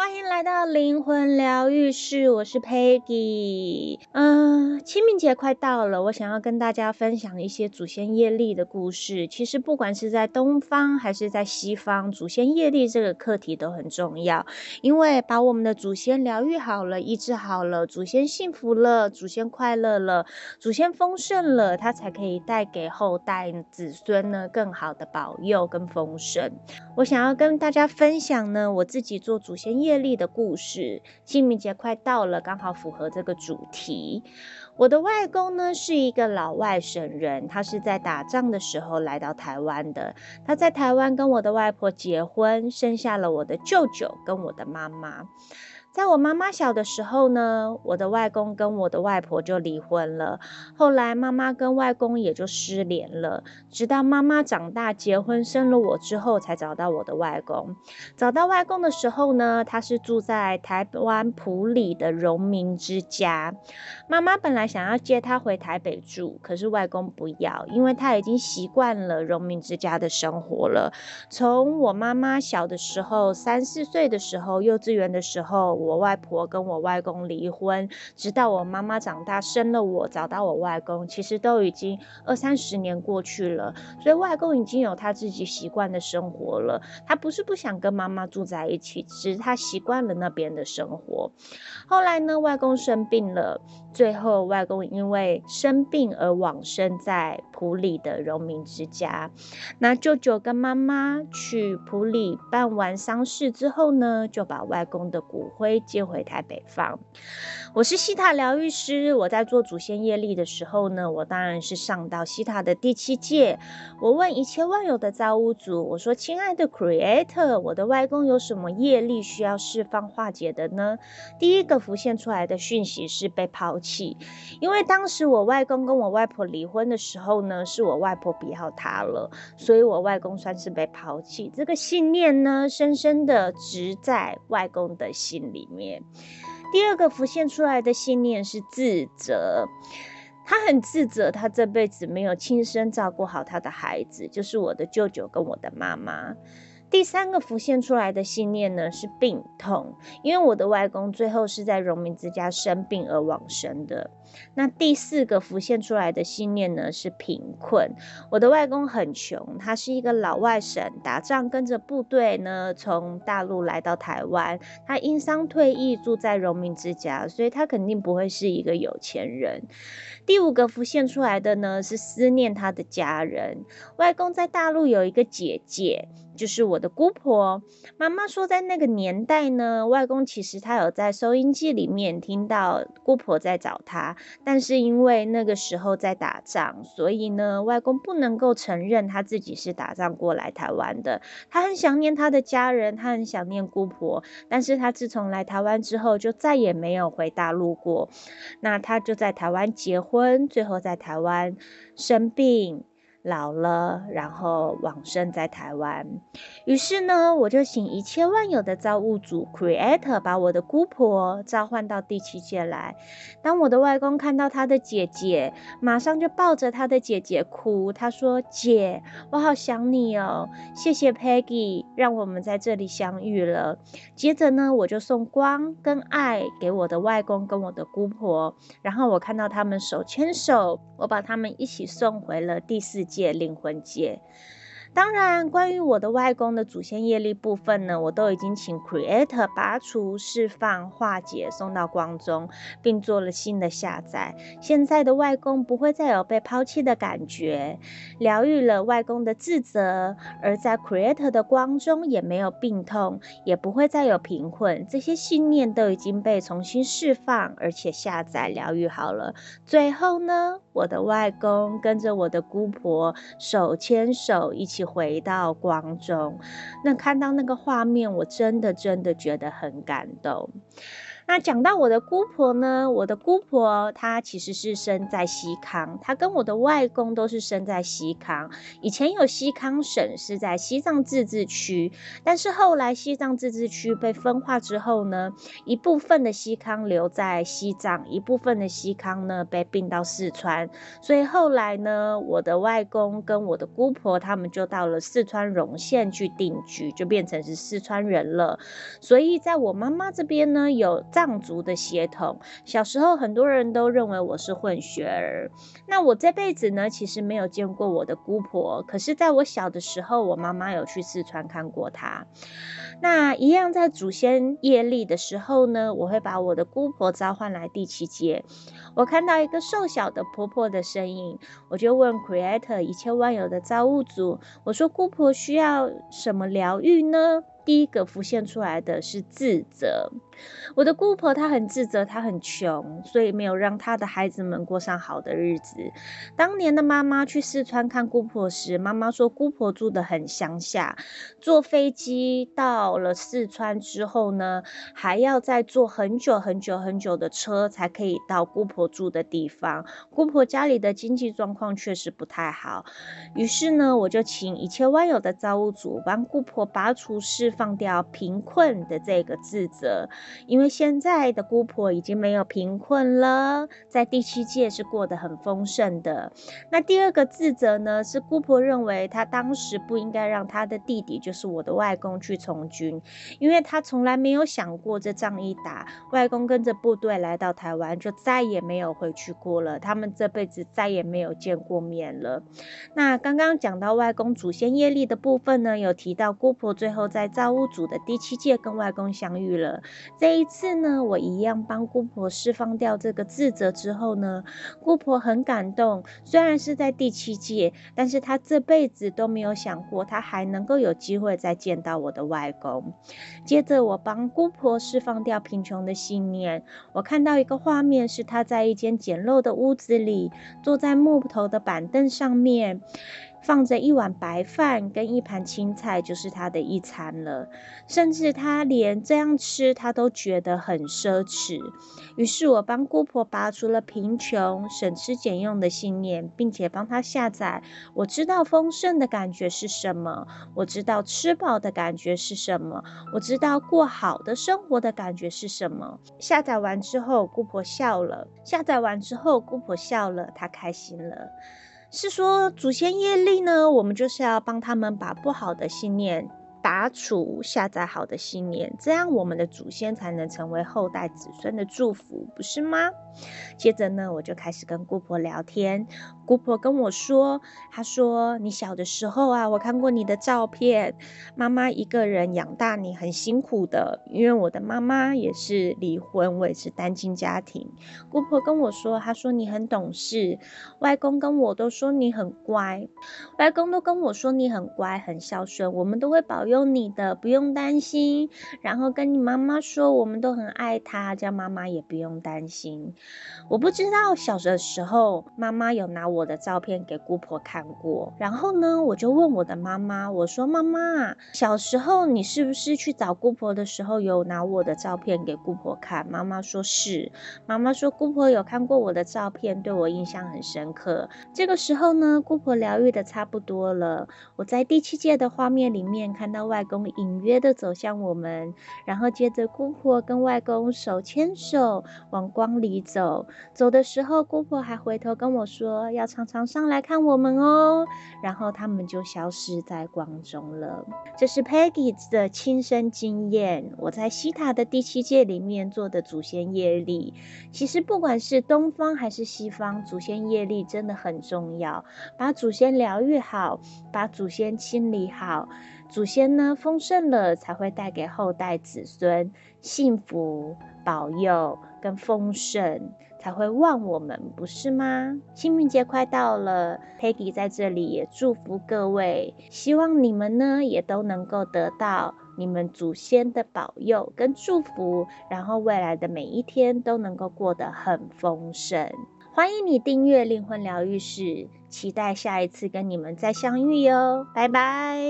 歡迎來到靈魂療癒室，我是 Peggy。嗯，清明節快到了，我想要跟大家分享一些祖先業力的故事。其實，不管是在東方還是在西方，祖先業力這個課題都很重要。因為把我們的祖先療癒好了、醫治好了、祖先幸福了、祖先快樂了、祖先豐盛了，他才可以帶給後代子孫呢，更好的保佑跟豐盛。我想要跟大家分享呢，我自己做祖先業。業力的故事，清明節快到了，剛好符合這個主題。我的外公呢，是一個老外省人，他是在打仗的時候來到台灣的。他在台灣跟我的外婆結婚，生下了我的舅舅跟我的媽媽。在我媽媽小的時候呢，我的外公跟我的外婆就離婚了。後來媽媽跟外公也就失聯了，直到媽媽長大結婚生了我之後，才找到我的外公。找到外公的時候呢，他是住在台灣埔里的榮民之家。媽媽本來想要接他回台北住，可是外公不要，因為他已經習慣了榮民之家的生活了。從我媽媽小的時候，三四歲的時候，幼稚園的時候。我外婆跟我外公離婚，直到我媽媽長大生了我，找到我外公，其實都已經二三十年過去了。所以外公已經有他自己習慣的生活了。他不是不想跟媽媽住在一起，只是他習慣了那邊的生活。後來呢，外公生病了，最後外公因為生病而往生在埔里的榮民之家。那舅舅跟媽媽去埔里辦完喪事之後呢，就把外公的骨灰。接回台北方。我是西塔療癒師。我在做祖先業力的時候呢，我當然是上到西塔的第七界。我問一切萬有的造物主，我說：“親愛的 Creator，我的外公有什麼業力需要釋放化解的呢？”第一個浮現出來的訊息是被拋棄，因為當時我外公跟我外婆離婚的時候呢，是我外婆不要他了，所以我外公算是被拋棄。這個信念呢，深深的植在外公的心裡。裡面第二個浮現出來的信念是自責，他很自責，他這輩子沒有親身照顧好他的孩子，就是我的舅舅跟我的媽媽。第三個浮現出來的信念呢，是病痛，因為我的外公最後是在榮民之家生病而往生的。那第四個浮現出來的信念呢，是貧困。我的外公很窮，他是一個老外省，打仗跟着部隊呢，從大陸來到台灣。他因傷退役，住在榮民之家，所以他肯定不會是一個有錢人。第五個浮現出來的呢，是思念他的家人。外公在大陸有一個姐姐，就是我的姑婆。媽媽說，在那個年代呢，外公其實他有在收音機裡面聽到姑婆在找他。但是因為那個時候在打仗，所以呢，外公不能夠承認他自己是打仗過來台灣的。他很想念他的家人，他很想念姑婆，但是他自從來台灣之後就再也沒有回大陸過。那他就在台灣結婚，最後在台灣生病。老了，然後往生在台灣。於是呢，我就請一切萬有的造物主 Creator 把我的姑婆召喚到第七界來。當我的外公看到他的姐姐，馬上就抱着他的姐姐哭。他說：“姐，我好想你哦！謝謝 Peggy，讓我們在這裡相遇了。”接着呢，我就送光跟愛給我的外公跟我的姑婆。然後我看到他們手牽手，我把他們一起送回了第四界。界靈魂界，當然，關於我的外公的祖先業力部分呢，我都已經請 Creator 拔除釋放化解，送到光中，並做了新的下載。現在的外公不會再有被拋棄的感覺，療癒了外公的自責，而在 Creator 的光中也沒有病痛，也不會再有貧困。這些信念都已經被重新釋放，而且下載療癒好了。最後呢，我的外公跟着我的姑婆手牽手一起回到光中，那看到那個畫面，我真的真的覺得很感動。那講到我的姑婆呢，我的姑婆她其實是生在西康，她跟我的外公都是生在西康。以前有西康省是在西藏自治區，但是後來西藏自治區被分化之後呢，一部分的西康留在西藏，一部分的西康呢被併到四川。所以後來呢，我的外公跟我的姑婆他們就到了四川榮縣去定居，就變成是四川人了。所以在我媽媽這邊呢，有。藏族的血統，小時候很多人都認為我是混血兒。那我這輩子呢，其實沒有見過我的姑婆。可是在我小的時候，我媽媽有去四川看過她。那一樣在祖先業力的時候呢，我會把我的姑婆召喚來第七節。我看到一個瘦小的婆婆的身影，我就問 Creator，一切萬有的造物主，我說姑婆需要什麼療癒呢？第一個浮現出來的是自責。我的姑婆她很自責，她很窮，所以沒有讓她的孩子們過上好的日子。當年的媽媽去四川看姑婆時，媽媽說姑婆住得很鄉下。坐飛機到了四川之後呢，還要再坐很久很久很久的車，才可以到姑婆住的地方。姑婆家裡的經濟狀況確實不太好。於是呢，我就請一切萬有的造物主幫姑婆拔除、釋放掉貧困的這個自責。因為現在的姑婆已經沒有貧困了，在第七界是過得很豐盛的。那第二個自責呢，是姑婆認為她當時不應該讓她的弟弟，就是我的外公去從軍，因為她從來沒有想過這仗一打，外公跟着部隊來到台灣，就再也沒有回去過了。他們這輩子再也沒有見過面了。那剛剛講到外公祖先業力的部分呢，有提到姑婆最後在造物主的第七界跟外公相遇了。這一次呢，我一樣幫姑婆釋放掉這個自責之後呢，姑婆很感動。雖然是在第七界，但是她這輩子都沒有想過，她還能夠有機會再見到我的外公。接着，我幫姑婆釋放掉貧窮的信念。我看到一個畫面，是她在一間簡陋的屋子裡，坐在木頭的板凳上面。放着一碗白飯跟一盤青菜，就是他的一餐了。甚至他連這樣吃，他都覺得很奢侈。於是，我幫姑婆拔除了貧窮、省吃儉用的信念，並且幫他下載。我知道豐盛的感覺是什麼，我知道吃飽的感覺是什麼，我知道過好的生活的感覺是什麼。下載完之後，姑婆笑了。下載完之後，姑婆笑了，她開心了。是說祖先業力呢，我們就是要幫他們把不好的信念拔除，下載好的信念，這樣我們的祖先才能成為後代子孫的祝福，不是嗎？接着呢，我就開始跟姑婆聊天。姑婆跟我說：“她說你小的時候啊，我看過你的照片，媽媽一個人養大你很辛苦的。因為我的媽媽也是離婚，我也是單親家庭。姑婆跟我說：她說你很懂事，外公跟我都說你很乖，外公都跟我說你很乖很孝順，我們都會保佑你的，不用擔心。然後跟你媽媽說，我們都很愛她，叫媽媽也不用擔心。我不知道小的時候媽媽有拿我。”我的照片給姑婆看過，然後呢，我就問我的媽媽，我說：“媽媽，小時候你是不是去找姑婆的時候有拿我的照片給姑婆看？”媽媽說：“是。”媽媽說：“姑婆有看過我的照片，對我印象很深刻。”這個時候呢，姑婆療癒得差不多了。我在第七屆的畫面裡面看到外公隱約地走向我們，然後接着姑婆跟外公手牽手往光裡走，走的時候姑婆還回頭跟我說要。常常上來看我們哦，然後他們就消失在光中了。這是 Peggy 的親身經驗，我在西塔的第七屆裡面做的祖先業力。其實不管是東方還是西方，祖先業力真的很重要。把祖先療癒好，把祖先清理好，祖先呢豐盛了，才會帶給後代子孫幸福、保佑跟豐盛。才會忘我們，不是嗎？清明節快到了，Peggy 在這裡也祝福各位，希望你們呢也都能夠得到你們祖先的保佑跟祝福，然後未來的每一天都能夠過得很豐盛。歡迎你訂閱靈魂療癒室，期待下一次跟你們再相遇喲，拜拜。